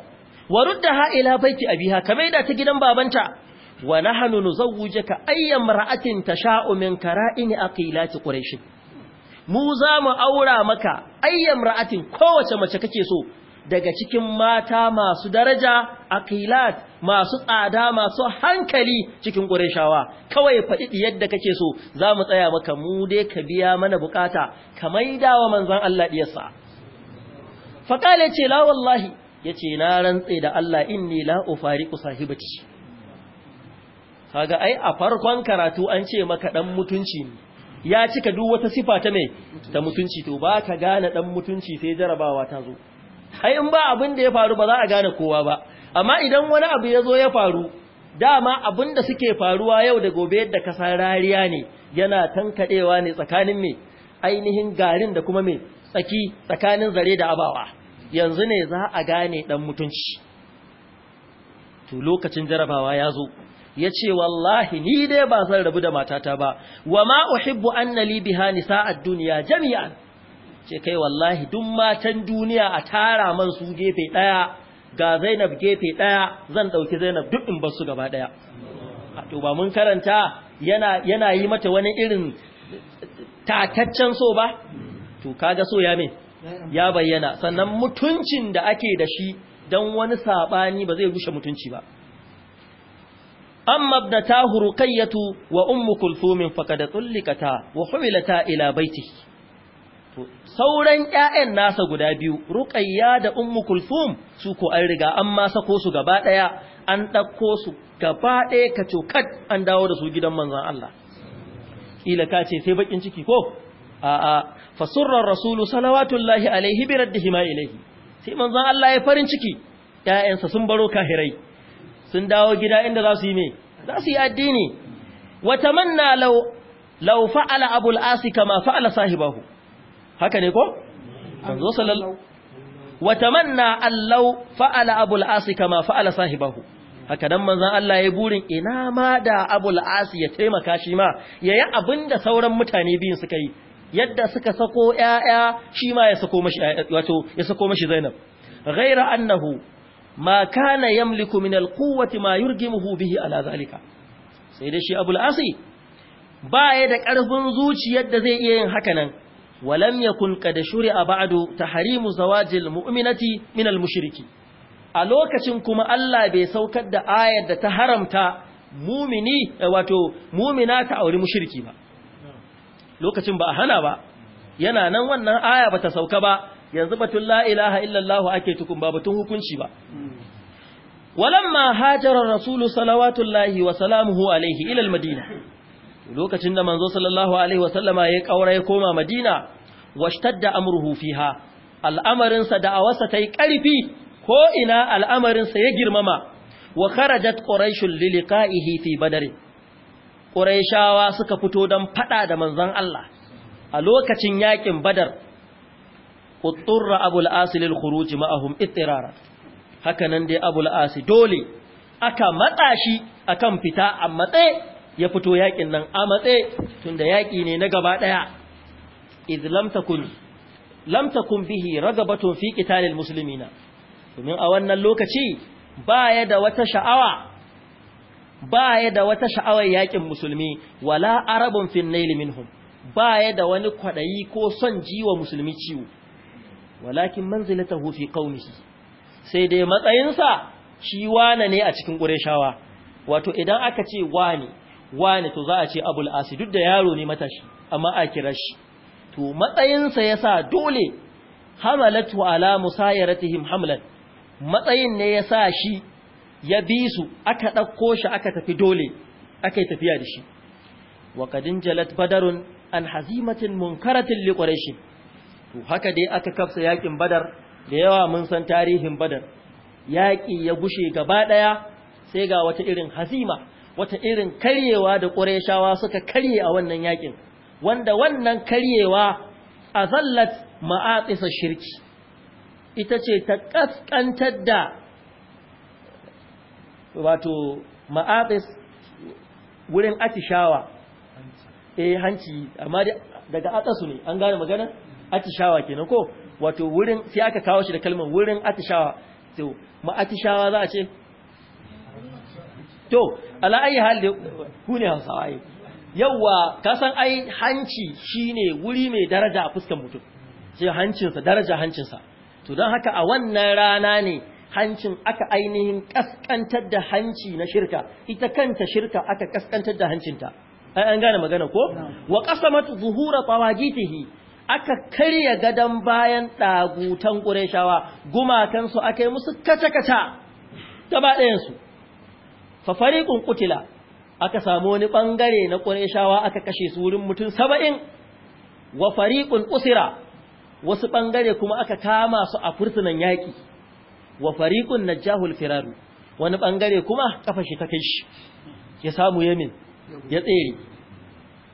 [SPEAKER 1] waruddaha ila baiki abiha kamar da ta gidan babanta wa nahnu nuzawwijuka ayyam ra'atin tasha'u min kara'in aqilati quraish mu za mu aura maka ayyam ra'atin kowace mace kake so daga cikin mata masu daraja aqilat masu tsada masu hankali cikin qurayshawa kawai faɗi yadda kake so za mu tsaya maka mu dai ka biya mana bukata kamar wa manzon Allah diyarsa faqala ce la wallahi yace na rantse da Allah inni la ufariqu sahibati kaga ai a farkon karatu an ce maka dan mutunci ya cika duk wata sifa ta mai da mutunci to ba ka gane dan mutunci sai jarabawa ta zo ai in ba abin da ya faru ba za a gane kowa ba amma idan wani abu ya zo ya faru dama abin da suke faruwa yau da gobe yadda ka san rariya ne yana tankadewa ne tsakanin me ainihin garin da kuma me tsaki tsakanin zare da abawa yanzu ne za a gane dan mutunci to lokacin jarabawa ya zo ya ce wallahi ni dai ba zan rabu da matata ba wa ma uhibbu anna li biha nisa'ad dunya jami'an ce kai wallahi duk matan duniya a tara man su gefe daya ga Zainab gefe daya zan dauki Zainab duk in bar su gaba daya to ba mun karanta yana yi mata wani irin tataccen so ba to kaga so ya me ya bayyana sannan mutuncin da ake da shi dan wani saɓani ba zai rushe mutunci ba أما ابنتاه رقية وأم كلثوم فقد wa وحملتا إلى بيته sauran ƴaƴan nasa guda biyu Rukayya da umu kulfum su ko an riga an ma sako su gaba ɗaya, an ɗauko su gaba ka cokat an dawo da su gidan manzon Allah kila ka ce sai bakin ciki ko aa fa surran rasulu salawatullahi alaihi bi raddihima ilaihi sai manzan Allah ya farin ciki ƴaƴansa sun baro kahirai sun dawo gida inda za su yi mai za su yi addini wata manna lau fa'ala abul asi kama fa'ala sahibahu haka ne ko? manzo sallallahu wata manna allau fa'ala abul asi kama fa'ala sahibahu haka nan manzan Allah ya burin ina ma da abul asi ya taimaka shi ma ya yi abin da sauran mutane biyun suka yi yadda suka sako ‘ya'ya shi ma ya sako mashi zainab ghaira annahu ma kana yamliku min alquwwati ma yurgimuhu bihi ala zalika sai da shi abul asi baya da karfin zuciyar da zai iya yin haka nan walam yakun qad shuri'a ba'du tahrimu zawajil mu'minati min almushriki a lokacin kuma Allah bai saukar da ayar da ta haramta mumini wato mumina ta auri mushriki ba lokacin ba a hana ba yana nan wannan aya bata sauka ba yanzu batun la'ilaha ilaha illallah ake tukun ba batun hukunci ba walamma hajara rasulu salawatullahi wa salamuhu alaihi ilal madina lokacin da manzo salallahu alaihi wa sallama ya kaura ya koma madina ha, amruhu fiha da wasa wasa tayi ƙarfi ko ina al’amarinsa ya girmama wa kharajat quraishul liliqa'ihi fi badare, ƙorashawa suka fito don faɗa da manzon Allah a lokacin yaƙin badar uturra abul asilil khuruji ma'ahum ittirara haka nan dai abul asi dole aka matsa shi akan fita a matse ya fito yakin nan a matse tunda yaki ne na gaba daya id lam takun lam takun bihi ragabatun fi qitalil muslimina domin a wannan lokaci baya da wata sha'awa baya da wata sha'awar yakin musulmi wala arabun fin nail minhum baya da wani kwadayi ko son jiwa musulmi ciwo walakin manzilatahu fi qaumihi sai dai matsayinsa shi wane ne a cikin qurayshawa wato idan aka ce wane wane to za a ce abul asi duk da yaro ne matashi amma a kira shi to matsayinsa yasa dole hamalatu ala musayaratihim hamlan matsayin ne yasa shi ya bi su aka ɗauko shi aka tafi dole aka yi tafiya da shi wa kadin jalat badarun an hazimatin munkaratin liƙwarashin to haka dai aka kafsa yakin badar da yawa mun san tarihin badar yaƙi ya gushe gaba ɗaya sai ga wata irin hazima wata irin karyewa da qurayshawa suka karye a wannan yaƙin wanda wannan karyewa a zallat shirki ita ce ta kaskantar da wato ma'aƙis wurin atishawa eh hanci amma daga atasu ne an gane magana atishawa kenan ko wato wurin sai aka kawo shi da kalmar wurin atishawa to ma atishawa za a ce to ala ayi hal da ku ne hausawa ai yawa ka san ai hanci shine wuri mai daraja a fuskar mutum sai hancinsa daraja hancinsa to don haka a wannan rana ne hancin aka ainihin kaskantar da hanci na shirka ita kanta shirka aka kaskantar da hancinta ai an gane magana ko wa qasamat zuhura tawagitihi aka karya gadon bayan ɗagutan ƙureshawa gumakansu aka yi musu kaca-kaca gaba ɗayansu fafariƙun kutila aka samu wani ɓangare na ƙureshawa aka kashe su wurin mutum saba'in wa fariƙun usira wasu ɓangare kuma aka kama su a fursunan yaƙi wa fariƙun najahul firaru wani ɓangare kuma kafa shi ta kai shi ya samu yamin ya tsere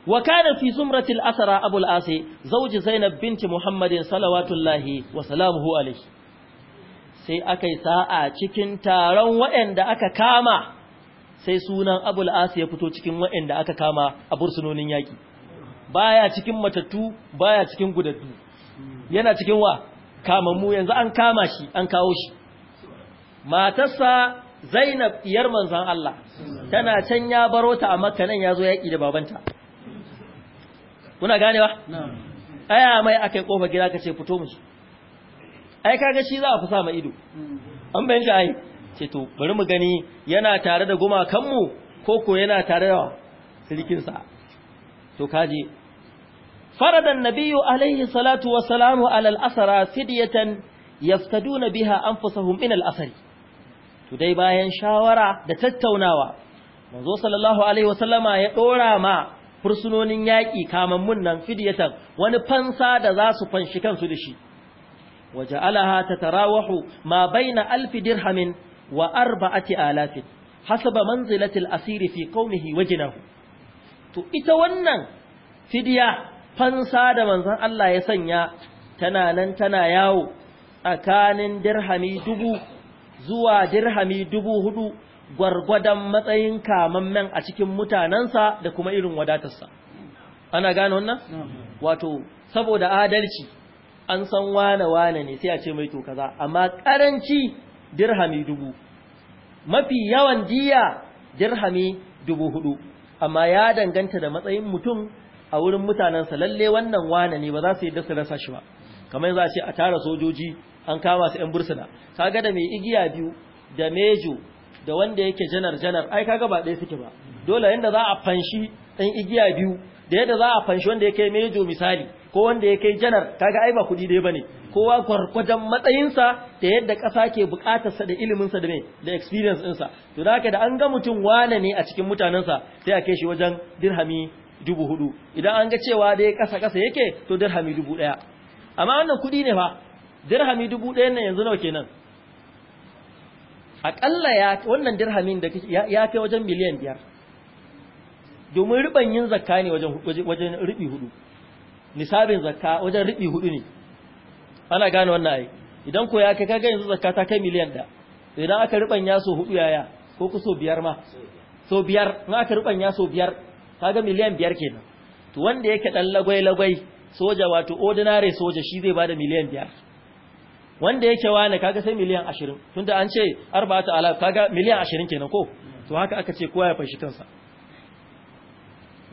[SPEAKER 1] وكان في زمرة الأسرى أبو الآسي زوج زينب بنت محمد صلوات الله وسلامه عليه sai aka yi sa'a cikin taron waɗanda aka kama sai sunan abu asu ya fito cikin waɗanda aka kama a bursunonin yaƙi baya cikin matattu baya cikin gudaddu yana cikin wa kamammu yanzu an kama shi an kawo shi matarsa zainab iyar manzan Allah tana can ya baro ta a makanan nan ya zo yaƙi da babanta kuna ganewa aya mai akai kofar gida ka ce fito musu ai kaga shi za a fi ma ido mm. an bayan shi ai ce to bari mu gani yana tare da gumakanmu, ko ko yana tare da silikinsa. to kaji faradan Nabiyu alaihi salatu Asara ala al-asra fidyatan yaftaduna biha anfusahum min al al'asari. to dai bayan shawara da tattaunawa manzo sallallahu alaihi wasallama ya dora ma fursunonin yaƙi kamammun nan fidiyatan wani fansa da za su fanshi kansu da shi waje alaha ta tarawahu ma baina alfi dirhamin wa arba'ati alafin hasaba manzilatil asiri fi qaumihi to ita wannan fidiya fansa da manzon Allah ya sanya tana nan tana yawo tsakanin dirhami dubu zuwa dirhami dubu hudu gwargwadon matsayin kamammen a cikin mutanensa da kuma irin wadatarsa ana gane wannan wato saboda adalci an san wane wane ne sai a ce mai to kaza amma karanci dirhami dubu mafi yawan jiya dirhami dubu hudu amma ya danganta da matsayin mutum a wurin mutanensa lalle wannan wane ne ba za su yi da rasa shi ba kamar za a ce a tara sojoji an kama su 'yan bursuna kaga da mai igiya biyu da mejo da wanda yake janar janar ai kaga ba ɗaya suke ba dole yanda za a fanshi ɗan igiya biyu da yadda za a fanshi wanda yake mejo misali ko wanda yake janar kaga ai ba kuɗi ɗaya bane kowa gwargwadon matsayinsa da yadda ƙasa ke buƙatarsa da ilimin sa da me da experience ɗinsa to da haka da an ga mutum wane ne a cikin mutanensa sai a kai shi wajen dirhami dubu hudu idan an ga cewa dai ƙasa ƙasa yake to dirhami dubu ɗaya amma wannan kuɗi ne fa dirhami dubu ɗaya nan yanzu nawa kenan akalla ya wannan dirhamin da ya kai wajen miliyan biyar domin ribanyin zakka ne wajen riɓi hudu nisabin zakka wajen riɓi hudu ne ana gane wannan ai idan ko ya kai kaga yanzu zakka ta kai miliyan da idan aka ribanya so hudu yaya ko ku so biyar ma so biyar in aka ribanya so biyar kaga miliyan biyar kenan to wanda yake dan lagwai lagwai soja wato ordinary soja shi zai bada miliyan biyar wanda yake wani kaga sai miliyan 20 tunda an ce 4000 kaga miliyan 20 kenan ko to haka aka ce kowa ya fashi kansa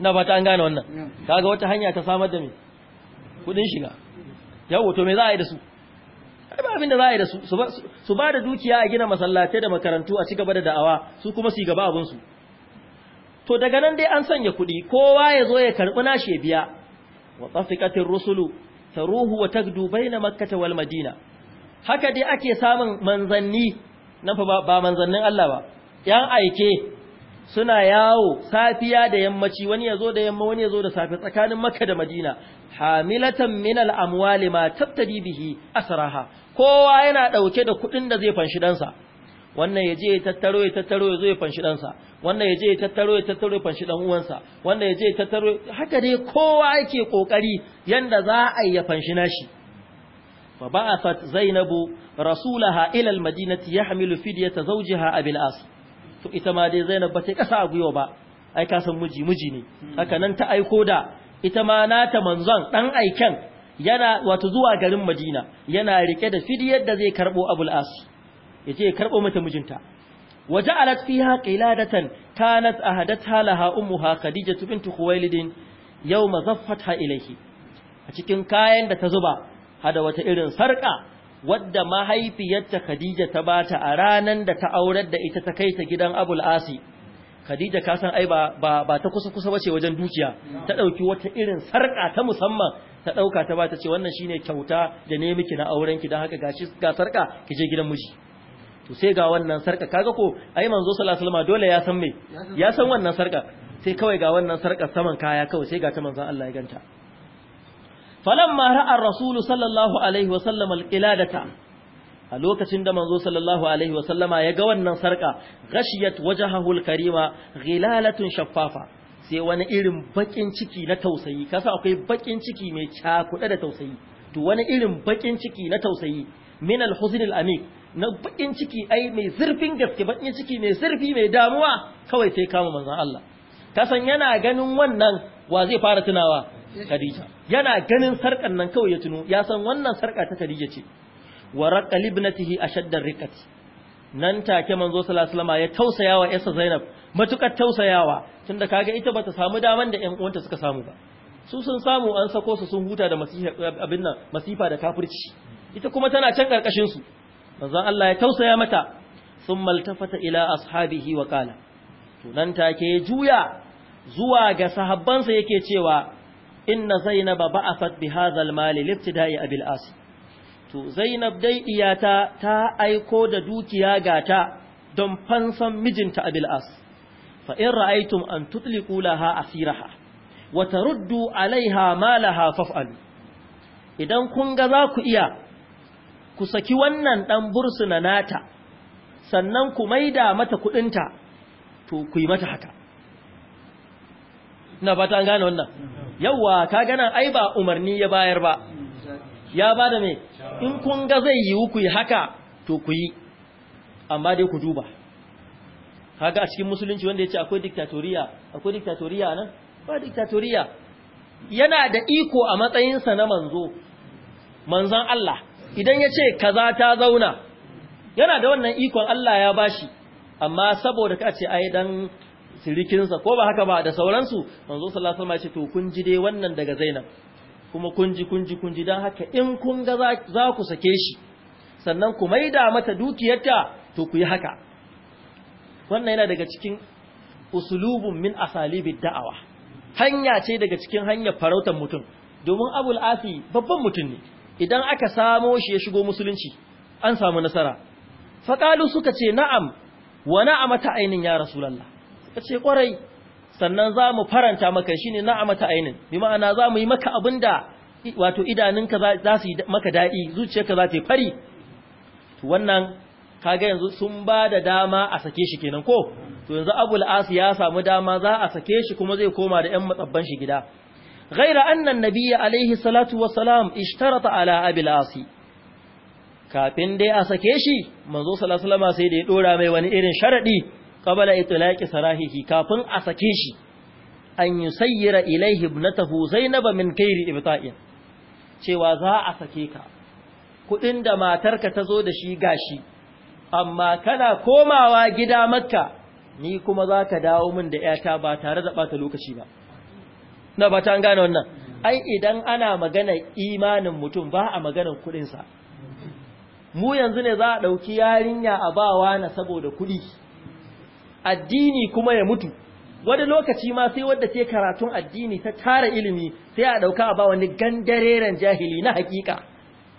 [SPEAKER 1] na ba ta an gane wannan kaga wata hanya ta samar da me kudin shiga yawo to me za a yi da su ai ba abin da za a yi da su su ba da dukiya a gina masallatai da makarantu a cigaba da da'awa su kuma su gaba abin su to daga nan dai an sanya kudi kowa ya zo ya karbi nashi biya wa tafiqatir rusulu taruhu wa tagdu baina makkata wal madina haka dai ake samun manzanni na ba manzannin Allah ba yan aike suna yawo safiya da yammaci wani yazo da yamma wani yazo da safe tsakanin Makka da Madina hamilatan min al-amwali ma tabtadi bihi asraha kowa yana dauke da kudin da zai fanshi dan sa wannan yaje ya tattaro ya tattaro ya zo ya fanshi dan sa wannan yaje ya tattaro ya tattaro ya fanshi dan uwansa wannan yaje ya tattaro haka dai kowa yake kokari yanda za a yi ya fanshi nashi فبعثت زينب رسولها إلى المدينة يحمل فدية زوجها أبي الأس فإتما دي زينب بتكسا أبيو با أي كاسم مجي مجيني هكا ننت أي كودا إتما نات منزان أن أي yana wato zuwa garin Madina yana rike da fidiyar da zai karbo al As yace ya karbo mata mijinta waja'alat fiha qiladatan kanat ahadatha laha ummuha khadijatu bint Khuwailid yawma zaffatha ilayhi a cikin kayan da ta zuba hada wata irin sarka wadda mahaifiyarta Khadija ta bata a ranan da ta aurar da ita ta kai ta gidan Abul Asi Khadija ka san ai ba ba ta kusa kusa bace wajen dukiya ta dauki wata irin sarka ta musamman ta dauka ta bata ce wannan shine kyauta da ne miki na auren ki dan haka gashi ga sarka ki je gidan miji to sai ga wannan sarka kaga ko ai manzo sallallahu alaihi wasallam dole ya san me ya san wannan sarka sai kawai ga wannan sarka saman kaya kawai sai ga ta manzon Allah ya ganta falamma ra'a rasulu sallallahu alaihi a lokacin da manzo sallallahu alaihi ya ga wannan sarka ghashiyat wajhahu alkarima ghilalatun shaffafa sai wani irin bakin ciki na tausayi kasa akwai bakin ciki mai cakuɗa da tausayi to wani irin bakin ciki na tausayi min alhuzn alamik na bakin ciki ai mai zurfin gaske bakin ciki mai zurfi mai damuwa kawai sai kama manzon Allah kasan yana ganin wannan wa zai fara tunawa Khadija yana ganin sarkan nan kawai ya tuno ya san wannan sarka ta Khadija ce wa raqal ibnatihi ashadda riqat nan take manzo sallallahu alaihi wasallam ya tausaya wa yarsa Zainab matukar tausayawa tunda kaga ita bata samu daman da ƴan uwanta suka samu ba su sun samu an sako su sun huta da masifa abin nan masifa da kafirci ita kuma tana can karkashin su manzo Allah ya tausaya mata thumma altafata ila ashabihi wa qala to nan take ya juya zuwa ga sahabbansa yake cewa inna zainaba ba'afat bi hadha al-mal libtida'i abil as to zainab dai iyata ta aiko da dukiya gata don fansan mijinta abil as fa in ra'aytum an tutliqu laha asiraha wa taruddu 'alayha malaha faf'alu idan kun ga za ku iya ku saki wannan dan bursuna nata sannan ku maida mata kudinta to ku yi mata haka Na fata an gane wannan yawa ka gana ai ba umarni ya bayar ba ya ba da me in kun ga zai yi ku yi haka to ku yi amma dai ku duba kaga a cikin musulunci wanda ya ce akwai diktatoriya akwai diktatoriya nan ba diktatoriya yana da iko a matsayinsa na manzo manzon Allah idan ya ce kaza ta zauna yana da wannan ikon Allah ya bashi amma saboda ka ce ai dan sirikinsa ko ba haka ba da sauransu manzo sallallahu alaihi wasallam ya ce to kun ji dai wannan daga Zainab kuma kun ji kun ji kun ji dan haka in kun ga za ku sake shi sannan ku maida mata dukiyarta to ku yi haka wannan yana daga cikin usulubun min asalibid da'awa hanya ce daga cikin hanyar farautar mutum domin abul la'afi babban mutum ne idan aka samo shi ya shigo musulunci an samu nasara faƙalu suka ce na'am wa na'amata ainin ya rasulallah ka ce ƙwarai sannan za mu faranta maka shi ne na'amata ainihin bi ma'ana za mu yi maka abin da wato idanunka za su yi maka daɗi zuciyarka za ta yi fari wannan kaga yanzu sun ba da dama a sake shi kenan ko to yanzu abul as ya samu dama za a sake shi kuma zai koma da ƴan matsabban shi gida ghaira annan nabiyyi alaihi salatu wa salam ishtarata ala abil as kafin dai a sake shi manzo sallallahu alaihi wasallam sai da ya dora mai wani irin sharadi Kabala qabala itlaqi sarahihi kafin a sake shi an sayyara ilaihi na zainab min kairi ibta'in cewa za a sake ka kudin da matarka ta zo da shi gashi amma kana komawa gida makka ni kuma za ka dawo min da ‘yata ba tare da bata lokaci ba. Na ba ta gane wannan, ai idan ana magana imanin mutum ba a maganar kuɗinsa. Mu yanzu ne za a ɗauki yarinya a bawa na saboda kuɗi. addini kuma ya mutu wani lokaci ma sai wadda sai karatun addini ta tara ilimi sai a dauka a ba wani gandareren jahili na hakika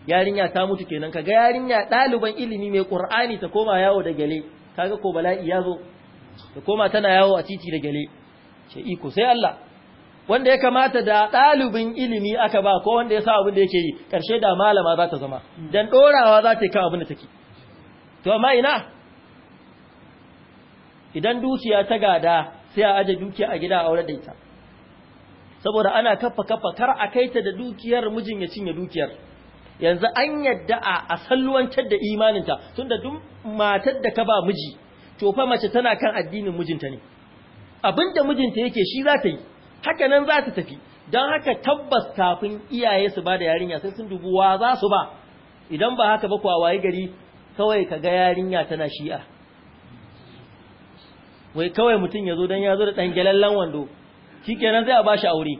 [SPEAKER 1] yarinya ta mutu kenan kaga yarinya ɗaliban ilimi mai qur'ani ta koma yawo da gale kaga ko bala'i yazo ta koma tana yawo a titi da gale ce iko sai Allah wanda ya kamata da ɗalibin ilimi aka ba ko wanda ya sa abin da yake yi ƙarshe da malama za ta zama dan dorawa za ta yi kan abin da take to amma ina idan dukiya ta gada sai a aje dukiya a gida a aure da ita saboda ana kafa kafa kar a kaita da dukiyar mijin ya cinye dukiyar yanzu an yadda a asalluwantar da imaninta tunda duk matar da ka ba miji to fa mace tana kan addinin mijinta ne abinda mijinta yake shi za ta yi haka nan za ta tafi don haka tabbas kafin iyaye su ba da yarinya sai sun dubu wa za su ba idan ba haka ba kwa waye gari kawai ka ga yarinya tana shi'a wai kawai mutum ya zo don ya zo da ɗan gyalallen wando shi kenan zai a ba shi aure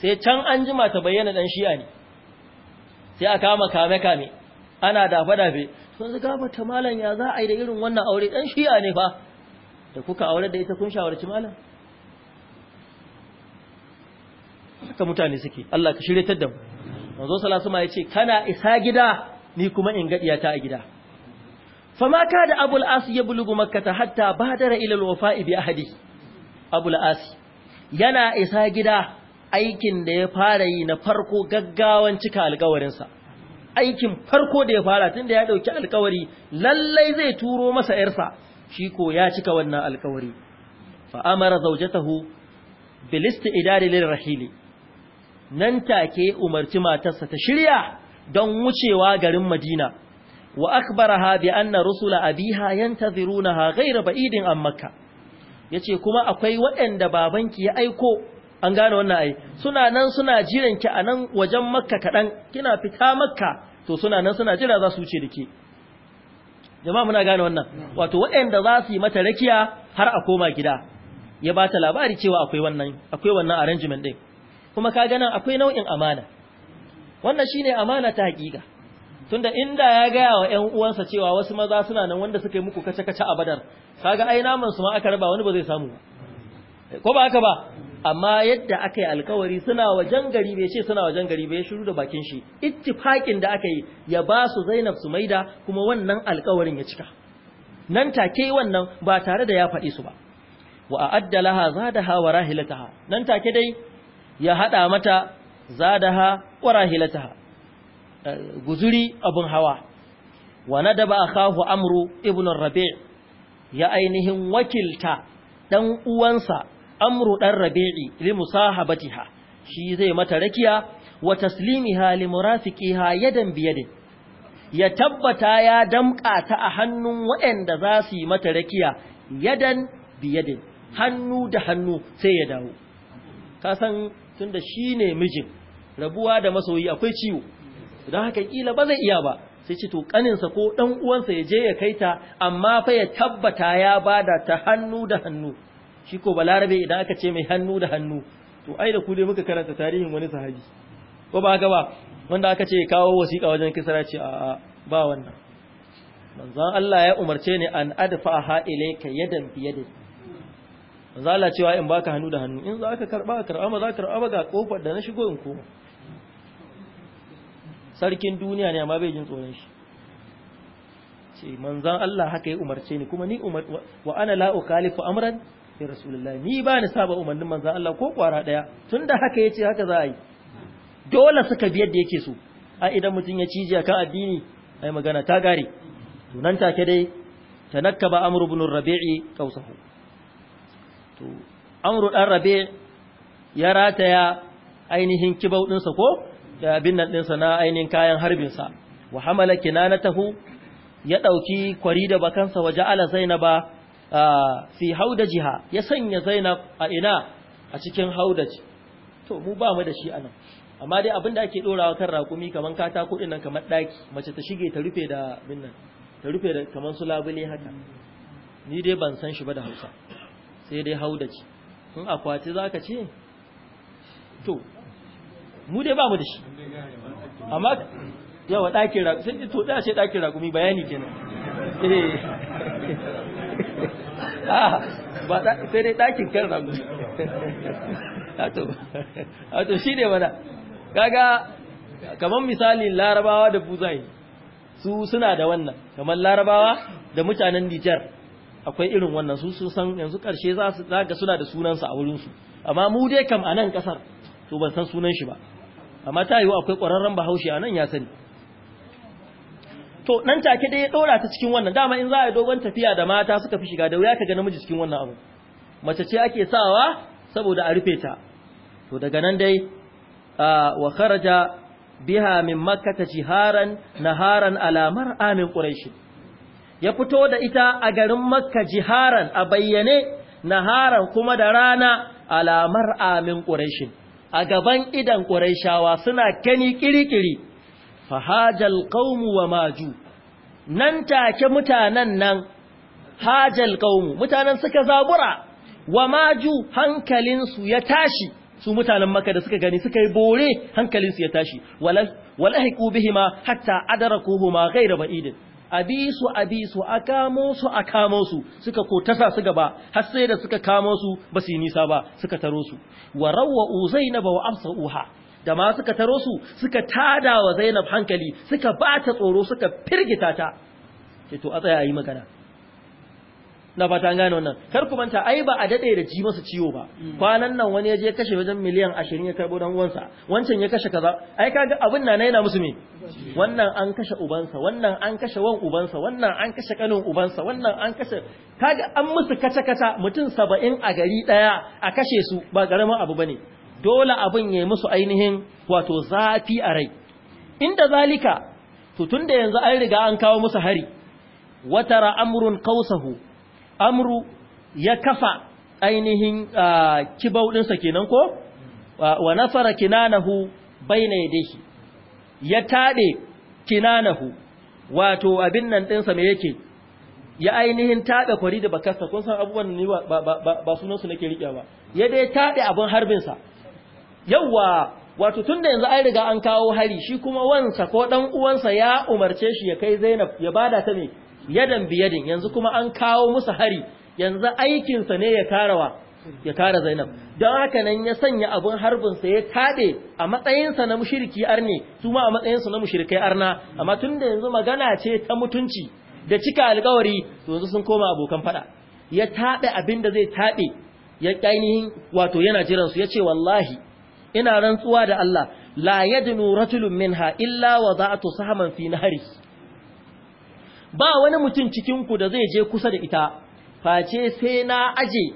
[SPEAKER 1] sai can an jima ta bayyana ɗan shi'a ne sai a kama kame-kame ana dafe-dafe sun zaga mata malam ya za a yi da irin wannan aure ɗan shi'a ne fa da kuka aure da ita kun shawarci malam haka mutane suke Allah ka shirya ta da mu manzo sallallahu alaihi wasallam ya ce kana isa gida ni kuma in gadiya ta a gida Famaka da abul as ya bulugu makkata hatta badara ila alwafa'i bi ahadi abul as yana isa gida aikin da ya fara yi na farko gaggawan cika alƙawarinsa aikin farko da ya fara tunda ya ɗauki alkawari, lallai zai turo masa yarsa shi ko ya cika wannan alƙawari fa amara zawjatahu bil istidari lil rahili nan take umarci matarsa ta shirya don wucewa garin Madina وأخبرها بأن رسل أبيها ينتظرونها غير بعيد عن مكة yace kuma akwai waɗanda babanki ya aiko an gane wannan ai suna nan suna jiran ki a nan wajen makka kaɗan kina fita makka to suna nan suna jira za su wuce da ke jama'a muna gane wannan wato waɗanda za su yi mata rakiya har a koma gida ya ba ta labari cewa akwai wannan akwai wannan arrangement ɗin kuma ka ganin akwai nau'in amana wannan shine amana ta haƙiƙa tunda inda ya gaya wa 'yan uwansa cewa wasu maza suna nan wanda suka yi muku kace kace a badar kaga ai naman su ma aka raba wani ba zai samu ko ba haka ba amma yadda aka yi alkawari suna wajen gari bai ce suna wajen gari bai shiru da bakin shi ittifaqin da aka yi ya ba su Zainab Sumaida kuma wannan alkawarin ya cika nan take wannan ba tare da ya faɗi su ba wa a'adda laha zadaha wa rahilataha nan take dai ya haɗa mata zadaha wa rahilataha guzuri abin hawa wa nadaba akahu amru ibnu rabi' ya ainihin wakilta dan uwansa amru dan rabi'i li musahabatiha shi zai mata rakiya wa taslimiha li murafiqiha yadan biyadin ya tabbata ya damka ta a hannun waɗanda za su yi mata rakiya yadan biyadin hannu da hannu sai ya dawo kasan tunda shi ne mijin rabuwa da masoyi akwai ciwo don haka kila ba zai iya ba sai ce to kaninsa ko dan uwansa ya je ya kai ta amma fa ya tabbata ya bada ta hannu da hannu shi ko balarabe idan aka ce mai hannu da hannu to ai da ku dai muka karanta tarihin wani sahabi ko ba gaba ba wanda aka ce kawo wasiƙa wajen kisra ce a ba wannan manzon Allah ya umarce ni an adfa'aha ilayka yadan biyadin manzon Allah cewa in baka hannu da hannu in za ka karba ka karba ma za ka karba ga kofar da na shigo in koma sarkin duniya ne amma bai jin tsoron shi ce manzan Allah haka ya umarce ni kuma ni umar wa ana la ukhalifu amran ya rasulullah ni ba ni saba umarnin manzan Allah ko kwara daya tunda haka ya ce haka za a yi dole suka bi yadda yake so a idan mutun ya cije akan addini ai magana ta gare to nan take dai tanakkaba amru ibn rabi'i kausahu to amru dan rabi' ya rataya ainihin kibau ɗinsa ko da abin nan ɗinsa na ainihin kayan harbinsa wa hamala kinanatahu ya ɗauki kwari da bakansa waje ala zainaba fi haudajiha ya sanya zainab a ina a cikin haudaji to mu ba mu da shi anan amma dai abin da ake ɗorawa kan rakumi kaman katako ɗin nan kamar ɗaki mace ta shige ta rufe da bin ta rufe da kaman su labule haka ni dai ban san shi ba da hausa sai dai haudaji in akwati za ka ce to mu dai ba mu da shi amma yawa ɗakin raƙumi sai to da ce ɗakin raƙumi bayani kenan eh. ah, ba sai dai ɗakin kan raƙumi wato shi ne mana kaga kamar misali larabawa da buzai su suna da wannan kamar larabawa da mutanen nijar akwai irin wannan su sun san yanzu karshe za su suna da sunansa a wurinsu amma mu dai kam a nan kasar to ban san sunan shi ba amma ta yiwu akwai ƙwararren bahaushe a nan ya sani to nan take dai ya ɗora ta cikin wannan dama in za a yi dogon tafiya da mata suka fi shiga da wuya ka ga namiji cikin wannan abu mace ce ake sawa saboda a rufe ta to daga nan dai wa kharaja biha min makkata jiharan naharan ala mar'a min quraish ya fito da ita a garin makka jiharan a bayyane naharan kuma da rana alamar Amin min a gaban idan ƙuraishawa suna gani ƙiriƙiri fahajal ƙaumu wa maju nan take mutanen nan hajal kaumu, mutanen suka zabura wa maju hankalinsu ya tashi su mutanen maka da suka gani suka yi bore hankalinsu ya tashi walahiku bihima hatta adrakuhuma ghayra ba'idin abisu abisu su a a kamo su a kamo suka kotasa su gaba har sai da suka kamo su ba su yi nisa ba suka taro su wa rawwa zainab wa amsa uha da ma suka taro su suka tada wa zainab hankali suka bata tsoro suka firgita ta to a tsaya ayi yi magana na fata gane wannan kar ku manta ai ba a dade da ji masa ciwo ba mm. kwanan nan wani ya je kashe wajen miliyan 20 ya karbo dan uwansa wancan ya kashe kaza ai kaga abin nan yana musu me wannan an kashe ubansa wannan an kashe wan ubansa wannan an kashe kanin ubansa wannan an kashe kaga an musu kaca kaca mutum 70 a gari daya a kashe su ba garamin abu bane dole abin yayi musu ainihin wato zafi a rai inda zalika to tunda yanzu an riga an kawo musu hari tara amrun qausahu amru ya kafa ainihin kibauɗinsa kenan ko wa nasara kinanahu baina yadayhi ya taɗe kinanahu wato abin nan ɗinsa me yake ya ainihin taɗe kwari da bakarsa kun san abubuwan ni ba sunansu nake riƙe ba ya dai taɗe abin harbinsa yawwa wato tun da yanzu an riga an kawo hari shi kuma wansa ko ɗan uwansa ya umarce shi ya kai zainab ya bada ta me yadan biyadin yanzu kuma an kawo musu hari yanzu aikinsa ne ya karawa ya kara Zainab don haka nan ya sanya abin harbinsa ya kaɗe a matsayinsa na mushriki arne su ma a matsayinsu na mushrikai arna amma tun da yanzu magana ce ta mutunci da cika alkawari to yanzu sun koma abokan faɗa ya taɗe abin da zai taɗe ya ƙainihin wato yana jiransu ya ce wallahi ina rantsuwa da Allah la yadnu ratulun minha illa wada'atu sahaman fi nahri ba wani mutum cikin ku da zai je kusa da ita face sai na aje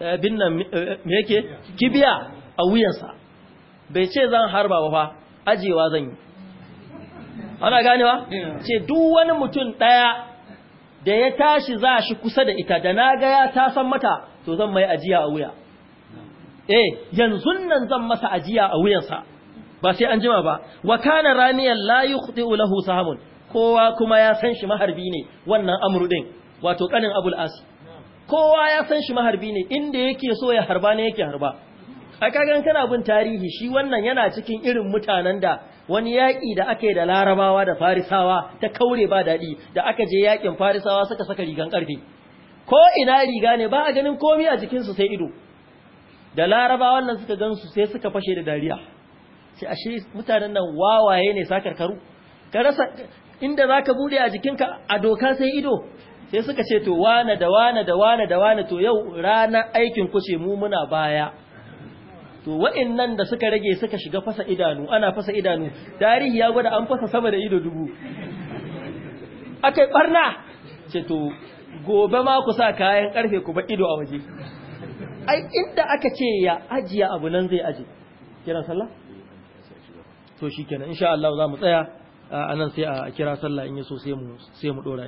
[SPEAKER 1] eh, bin nan eh, me yake kibiya a wuyansa bai ce zan harba ba fa ajewa zan yi ana ganewa ce duk wani mutum daya da ya tashi za shi kusa da ita da na ga ya ta san mata to zan mai ajiya a wuya eh yanzu nan zan masa ajiya a wuyansa ba sai an jima ba wa kana ramiyan la yukhti'u lahu sahamun kowa kuma ya san shi maharbi ne wannan amru wato kanin abul as kowa ya san shi maharbi ne inda yake so ya harba ne yake harba a kagan kana bin tarihi shi wannan yana cikin irin mutanen da wani yaƙi da aka da larabawa da farisawa ta kaure ba daɗi da aka je yaƙin farisawa suka saka rigan ƙarfe ko ina riga ne ba a ganin komi a jikinsu sai ido da laraba wannan suka gan su sai suka fashe da dariya sai ashe mutanen nan wawaye ne sakar ka inda za ka bude a jikinka a doka sai ido sai suka ce to wane da wane da wane da wane to yau rana aikin kuce mu muna baya to wa'annan da suka rage suka shiga fasa idanu ana fasa idanu tarihi ya gwada an fasa sama da ido dubu akai barna ce to gobe ma ku sa kayan karfe ku ba ido a waje ai inda aka ce ya ajiya abu nan zai aje kiran sallah to shikenan insha Allah za mu tsaya anan sai a kira sallah in yaso sai mu sai mu dora